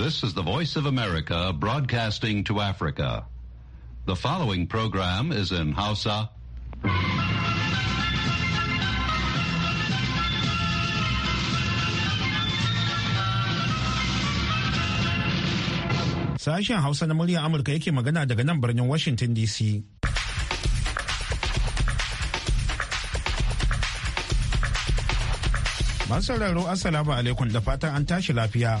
This is the Voice of America broadcasting to Africa. The following program is in Hausa. Sashen Hausa na muryar Amurka yake magana daga nan birnin Washington DC. Masu sauraro Assalamu alaikum da fatan an tashi lafiya.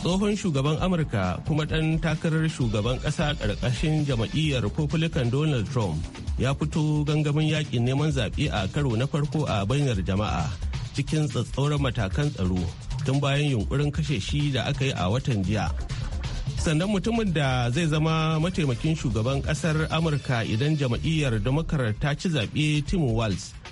tsohon shugaban amurka kuma ɗan takarar shugaban ƙasa ƙarƙashin jam'iyyar republican donald trump ya fito gangamin yakin neman zaɓe a karo na farko a bayyar jama'a cikin tsatsauran matakan tsaro tun bayan yunkurin kashe shi da aka yi a watan jiya sannan mutumin da zai zama mataimakin shugaban kasar amurka idan jam'iyyar democrat ta ci zaɓe tim walz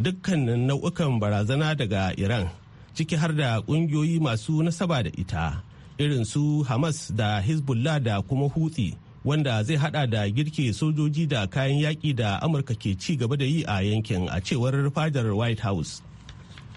dukkanin nau'ukan barazana daga Iran ciki har da ƙungiyoyi masu nasaba da ita irin su Hamas da Hezbollah da kuma hutsi wanda zai hada da girke sojoji da kayan yaƙi da Amurka ke ci gaba da yi a yankin a cewar fadar White House.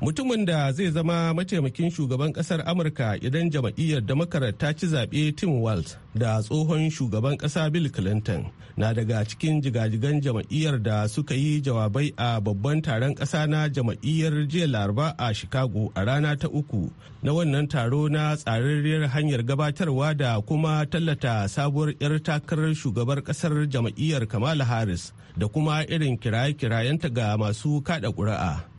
mutumin da zai zama mataimakin shugaban kasar amurka idan jama'iyyar democrat ta ci zaɓe tim walz da tsohon shugaban ƙasa bill clinton na daga cikin jigajigan jama'iyyar da suka yi jawabai a babban taron ƙasa na jama'iyyar jiya laraba a chicago a rana ta uku na wannan taro na tsararriyar hanyar gabatarwa da kuma tallata sabuwar 'yar takarar shugabar ƙasar jama'iyyar kamala harris da kuma irin kiraye-kirayenta ga masu kaɗa ƙuri'a.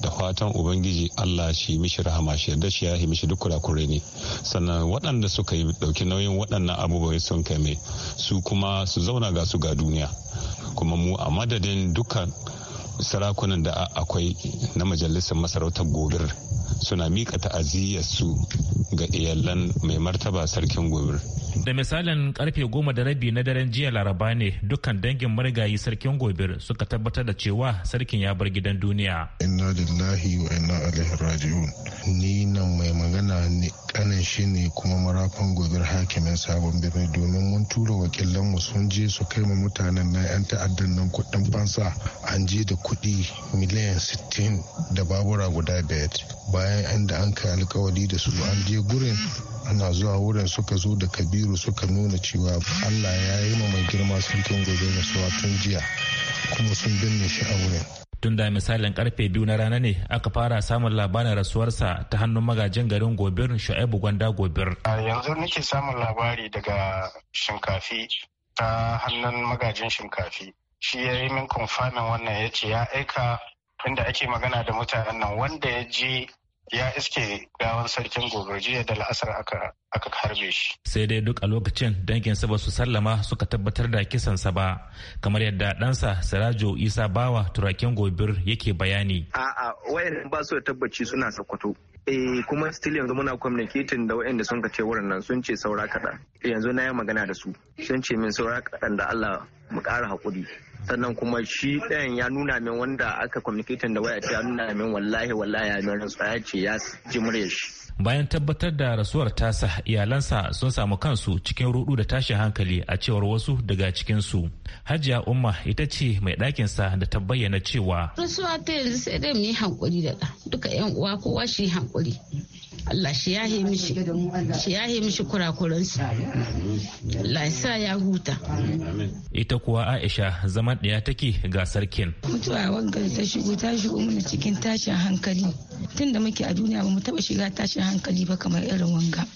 da fatan ubangiji allah shi mishi rahama shi yarda shi ya yi mishi duk kurakure ne sannan waɗanda suka yi ɗauki nauyin waɗannan abubuwa sun kai mai su kuma su zauna ga su ga duniya kuma mu a madadin dukkan sarakunan da akwai na majalisar masarautar gobir suna miƙa ta'aziyyar su ga iyalan mai martaba sarkin gobir Da misalin karfe goma da rabi na daren jiya laraba ne dukkan dangin marigayi sarkin gobir suka tabbatar da cewa sarkin ya bar gidan duniya. Inna lillahi wa inna alaihi raji'un. Ni nan mai magana ne kanin shi ne kuma marafan gobir hakimin sabon birni domin mun tura wakilan mu sun je su kai mu mutanen na yan ta'addan nan kudin fansa an je da kudi miliyan sittin da babura guda biyar bayan inda an kai alkawari da su an je gurin ana zuwa wurin suka zo da kabiru suka nuna cewa allah ya yi ma mai girma sarkin gobe na suwa jiya kuma sun binne shi a wurin tun da misalin karfe biyu na rana ne aka fara samun labarin rasuwarsa ta hannun magajin garin gobir shu'aibu gwanda gobir yanzu nake samun labari daga shinkafi ta hannun magajin shinkafi shi ya yi min kumfanin wannan ya ce ya aika inda ake magana da mutanen nan wanda ya je ya iske gawan sarkin gobe jiya da la'asar aka harbe shi. Sai dai duk a lokacin danginsa ba su sallama suka tabbatar da kisansa ba kamar yadda ɗansa Sirajo Isa Bawa turakin gobir yake bayani. A'a wayan ba su da tabbaci suna sakwato. Eh kuma still yanzu muna communicating da wayanda sun ka ce wurin nan sun ce saura kaɗan. Yanzu na yi magana da su. Sun ce min saura kaɗan da Allah mu ƙara haƙuri. sannan kuma shi ɗayan ya nuna min wanda aka communicating da waya ya nuna min wallahi wallahi ya min ce ya ji murya shi bayan tabbatar da rasuwar tasa iyalansa sun samu kansu cikin rudu da tashin hankali a cewar wasu daga cikin su hajiya umma ita ce mai sa da ta bayyana cewa rasuwa ta yanzu sai dai mu yi hankuri da duka yan uwa kowa shi hankuri Allah shi ya he mishi shi ya he mishi shi Allah ya sa ya huta ita kuwa Aisha zaman ɗaya take ga sarkin mutuwa wangar ta shigo ta shigo mana cikin tashin hankali tun da muke a duniya ba mu taba shiga tashin hankali ba kamar irin wanga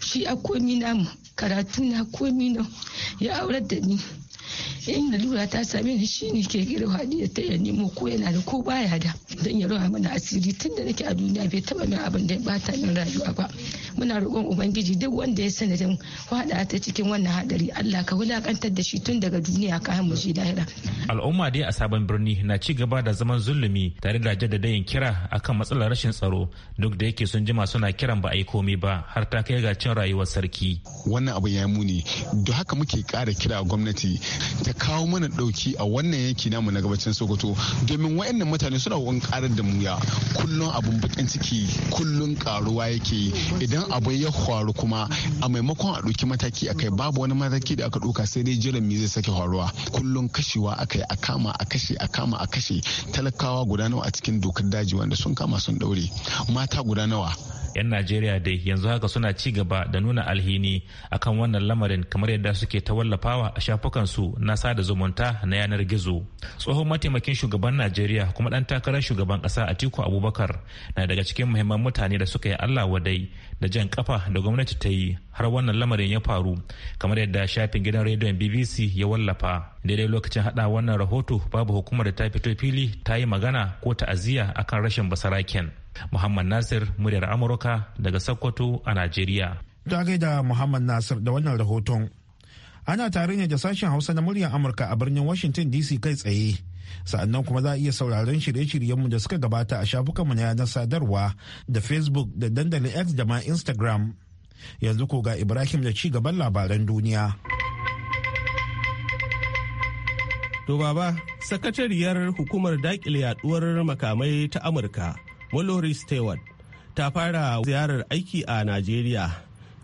shi a komi namu karatu na komi ya aurar da ni in eh, lura ta same ni shi ne ke gira hadiya ta ya nemo ko yana da ko baya da don ya rawa mana asiri tun da nake a duniya bai taba min abin da ya bata min rayuwa ba muna roƙon ubangiji duk wanda ya sani dan hada ta cikin wannan hadari Allah ka wulakantar da shi tun daga duniya ka mu shi lahira al'umma dai a sabon birni na ci gaba da zaman zulumi tare da jaddadayin kira akan matsalar rashin tsaro duk da yake sun jima suna kiran ba a yi komai ba har ta kai ga cin rayuwar sarki wannan abu ya muni da haka muke kara kira gwamnati ta kawo mana dauki a wannan yanki namu na gabacin sokoto domin wayannan mutane suna wani karar da muya kullun abun bakin ciki kullun karuwa yake idan abu ya faru kuma a maimakon a dauki mataki akai babu wani mataki da aka dauka sai dai jiran me zai sake faruwa kullun kashewa akai a kama a kashe a kama a kashe talakawa guda nawa a cikin dokar daji wanda sun kama sun daure mata guda nawa 'yan najeriya dai yanzu haka suna ci gaba da nuna alhini akan wannan lamarin kamar yadda suke ta wallafawa a shafukansu na sada zumunta na yanar gizo tsohon mataimakin shugaban najeriya kuma dan takarar shugaban kasa atiku abubakar na daga cikin muhimman mutane da suka yi allah wadai da jan kafa da gwamnati ta yi har wannan lamarin ya faru kamar yadda shafin gidan rediyon bbc ya wallafa daidai lokacin hada wannan rahoto babu hukumar da ta fito fili ta yi magana ko ta'aziyya akan rashin basaraken muhammad nasir muryar amurka daga sokoto a najeriya da muhammad nasir da wannan rahoton ana tare ne da sashen hausa na muryar amurka a birnin washington dc kai tsaye sa'annan kuma za a iya sauraron shirye-shiryenmu da suka gabata a shafukanmu na yanar sadarwa da facebook da dandalin x da ma instagram yanzu ko ga ibrahim da ci gaban labaran duniya to baba sakatariyar hukumar daƙile yaduwar makamai ta amurka mallory stewart ta fara ziyarar aiki a najeriya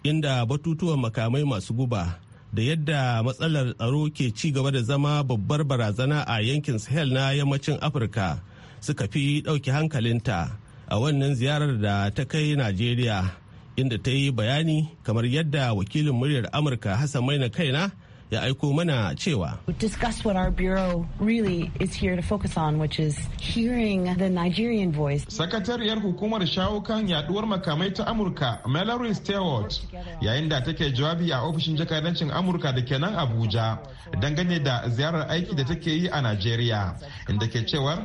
inda batutuwan makamai masu guba da yadda matsalar tsaro ke ci gaba da zama babbar barazana a yankin sahel na yammacin afirka suka fi ɗauki hankalinta a wannan ziyarar da ta kai najeriya inda ta yi bayani kamar yadda wakilin muryar amurka hassan maina kaina ya aiko mana cewa discuss what our bureau is here focus on which is the Nigerian voice sakatariyar hukumar shawo kan yaduwar makamai ta Amurka Mallory Stewart yayin da take jawabi a ofishin jakadancin Amurka da kenan Abuja dangane da ziyarar aiki da take yi a Najeriya inda ke cewar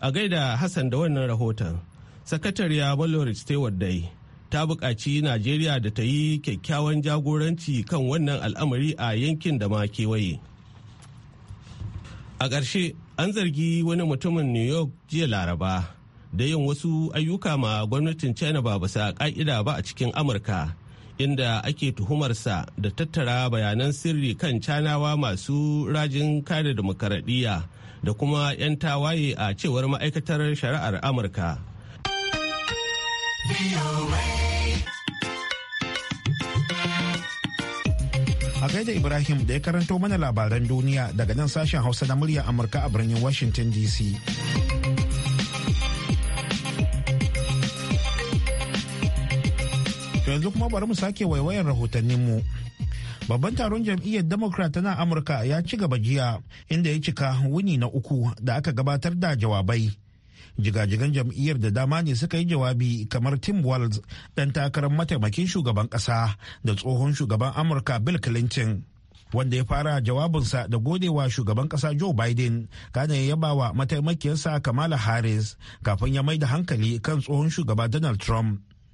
a gaida hassan da wannan rahoton sakatariya mallory stewart dai ta buƙaci najeriya da ta yi kyakkyawan jagoranci kan wannan al'amari a yankin da ma kewaye a ƙarshe an zargi wani mutumin new york jiya laraba da yin wasu ayyuka ma gwamnatin china ba bisa ƙa'ida ba a cikin amurka inda ake tuhumarsa da tattara bayanan sirri kan canawa masu rajin kare demokaradiyya da kuma 'yan tawaye a cewar ma'aikatar shari'ar amurka a gaida ibrahim da ya karanto mana labaran duniya daga nan sashen hausa na murya amurka a birnin washington dc yanzu kuma bari mu sake rahotannin rahotanninmu. Babban taron jam'iyyar Democrat na Amurka ya ci gaba jiya inda ya cika wuni na uku da aka gabatar da jawabai. Jigajigan jam'iyyar da dama ne suka yi jawabi kamar Tim Walz ɗan takarar mataimakin shugaban ƙasa da tsohon shugaban Amurka Bill Clinton. wanda ya fara jawabinsa da godewa shugaban kasa Joe Biden kane ya yaba wa mataimakiyarsa Kamala Harris kafin ya mai da hankali kan tsohon shugaba Donald Trump.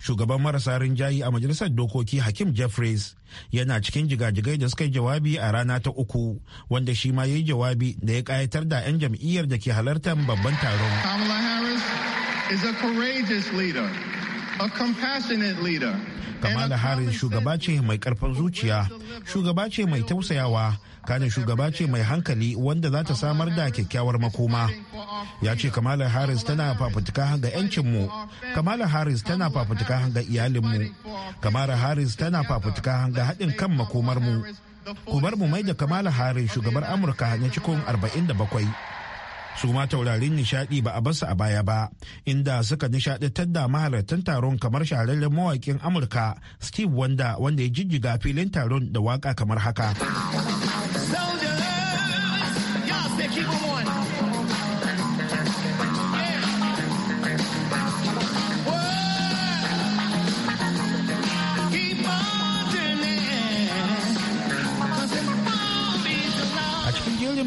shugaban marasa rinjayi a majalisar dokoki hakim jeffries yana cikin jigajigai da suka yi jawabi a rana ta uku wanda shi ma ya yi jawabi da ya kayatar da 'yan jam'iyyar da ke halartar babban taron kamala harris shugaba ce mai karfin zuciya shugaba ce mai tausayawa kane shugaba ce mai hankali wanda za ta samar da kyakkyawar makoma ya ce kamala harris tana fafutuka ga yancinmu kamala harris tana fafutuka ga iyalinmu kamala harris tana fafutuka ga haɗin kan makomarmu ku bar mu mai da kamala harris shugabar amurka na cikin 47 su ma taurarin nishadi ba a basu a baya ba inda suka nishadi da mahalartan taron kamar shahararren mawakin amurka steve wanda wanda ya jijjiga filin taron da waka kamar haka.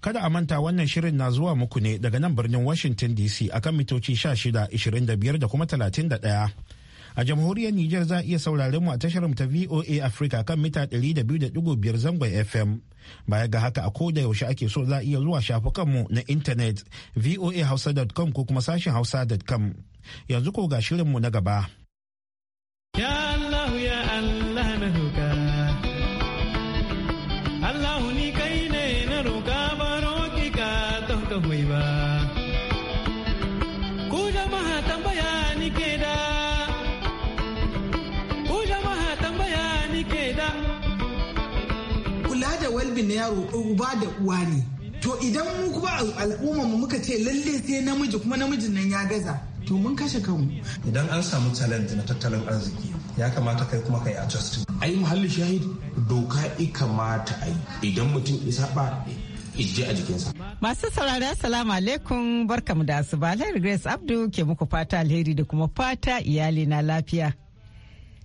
Kada a manta wannan shirin na zuwa muku ne daga nan birnin Washington DC akan mitoci 16, 25 da kuma 31. a jamhuriyar Nijar za a iya sauraren mu a tashar ta VOA Africa kan mita 200.5 zangon FM. Baya ga haka a ko da yaushe ake so za a iya zuwa shafukan mu na intanet voahausa.com ko kuma sashen hausa.com. Yanzu ko ga shirin mu na gaba. rabin na yaro uba da uwa ne to idan mu kuma al'umma mu muka ce lalle sai namiji kuma namijin nan ya gaza to mun kashe kanmu idan an samu challenge na tattalin arziki ya kamata kai kuma kai adjusting ai muhalli shahid doka i kamata ai idan mutum isa ba ije a jikinsa masu saurari assalamu alaikum barkamu da asuba alheri grace abdu ke muku fata alheri da kuma fata iyali na lafiya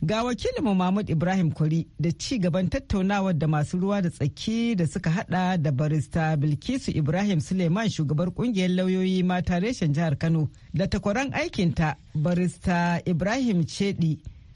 Ga wakilin Mahmud Ibrahim Kwari da ci gaban tattaunawar da masu ruwa da tsaki da suka hada da barista Bilkisu Ibrahim Suleiman shugabar kungiyar lauyoyi mata reshen jihar Kano da takwaran aikinta barista Ibrahim Chedi.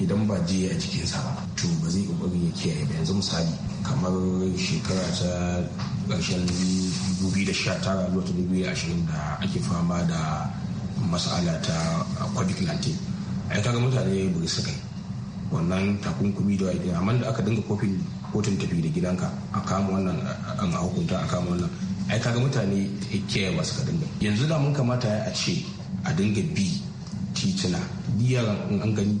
idan ba jiya a jikinsa ba to ba zai kokari ya kiyaye ba yanzu misali kamar shekara ta ƙarshen 2019 zuwa 2020 da ake fama da masala ta covid-19 ai kaga mutane ya su kai wannan takunkumi da waje amma da aka dinga kofin kotun tafi da gidanka a kama wannan an a hukunta a kama wannan ai kaga mutane kiyaye ba suka dinga yanzu da mun kamata a ce a dinga bi titina biyar an gani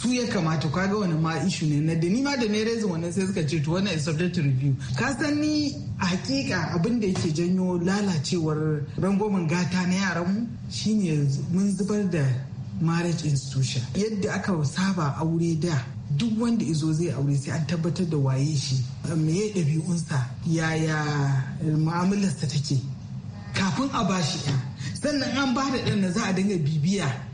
su ya kamata kaga wani ma ishu ne na da ni ma da ne reza wannan sai suka ce to wannan is subject review ka san ni a hakika abin da yake janyo lalacewar rangwamen gata na yaran mu shine mun zubar da marriage institution yadda aka saba aure da duk wanda izo zai aure sai an tabbatar da waye shi meye ɗabi'unsa yaya mu'amalarsa take kafin a bashi ɗan sannan an ba da ɗan na za a dinga bibiya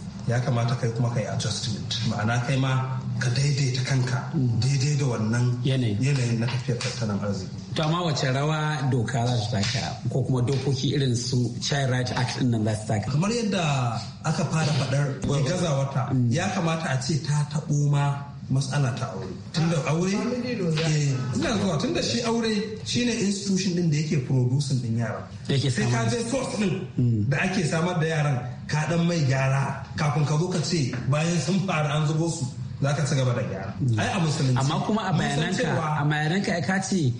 ya kamata kai kuma kai adjustment ma'ana kai ma ka daidaita kanka daidai da wannan yanayin na tafiyar tattalin arziki to amma wace rawa doka za su taka ko kuma dokoki irin su child right act din nan za su taka kamar yadda aka fara faɗar wata ya kamata a ce ta taɓo ma matsala ta aure tunda aure eh, ina zuwa tunda shi aure shine institution din da yake producing din yara sai ka je source din da ake samar da yaran ka dan mai gyara kafin ka zo ka ce bayan sun fara an zubo su za ka ci gaba da gyara ai a musulunci amma kuma a bayananka a bayananka ka ce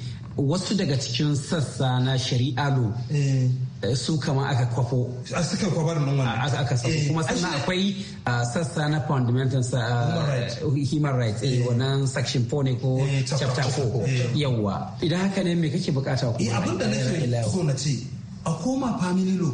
wasu daga cikin sassa na shari'a lo eh. Eh, su kama aka kwafo a suka kwabar nan wannan aka samu eh, kuma sannan akwai ah, sassa na fundamental ah, human rights eh wannan section 4 ne ko chapter 4 yawa idan haka ne me kake bukata ku abin da nake so na ce a koma family law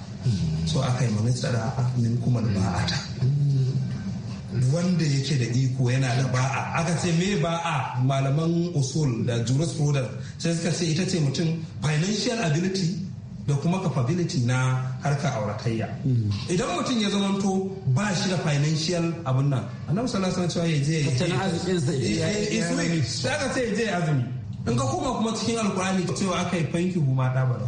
so aka yi manistara min kuma ba'ata wanda yake da iko yana da ba'a aka ce me ba'a malaman usul da jurisprudence sai suka ce ita ce mutum financial ability da kuma capability na harka auratayya idan mutum ya to ba shi da financial abun nan annabi sallallahu alaihi wasallam ya je tattalin arzikin sai aka ce ya je azumi in ka koma kuma cikin alkurani cewa aka yi fanki huma da ba da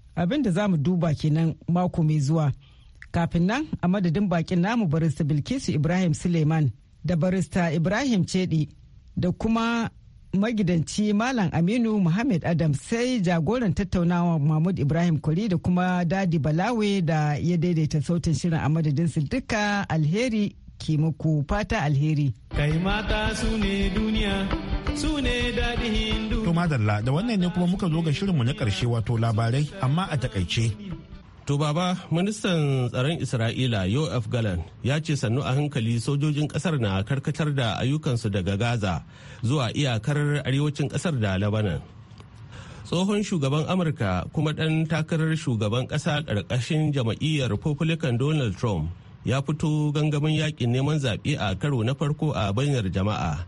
abin da za mu duba kenan mako mai zuwa kafin nan a madadin bakin namu barista bilkisu ibrahim suleiman da barista ibrahim cedi da kuma magidanci malam aminu muhammad adam sai jagoran tattaunawa mahmud ibrahim kuri da kuma dadi balawe da ya daidaita sautin shirin a madadin su duka alheri ke muku fata alheri kai mata su ne duniya su ne daɗi hindu. To madalla da wannan ne kuma muka zo ga shirinmu na karshe wato labarai amma a takaice. To baba ministan tsaron Isra'ila Yoav Galan ya ce sannu a hankali sojojin kasar na karkatar da ayyukansu daga Gaza zuwa iyakar arewacin kasar da Lebanon. Tsohon shugaban Amurka kuma ɗan takarar shugaban ƙasa ƙarƙashin jama'iyyar Republican Donald Trump ya fito gangamin yakin neman zaɓe a karo na farko a bayyar jama'a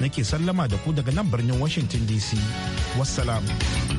nake sallama da ku daga nan birnin Washington DC. Wassalamu.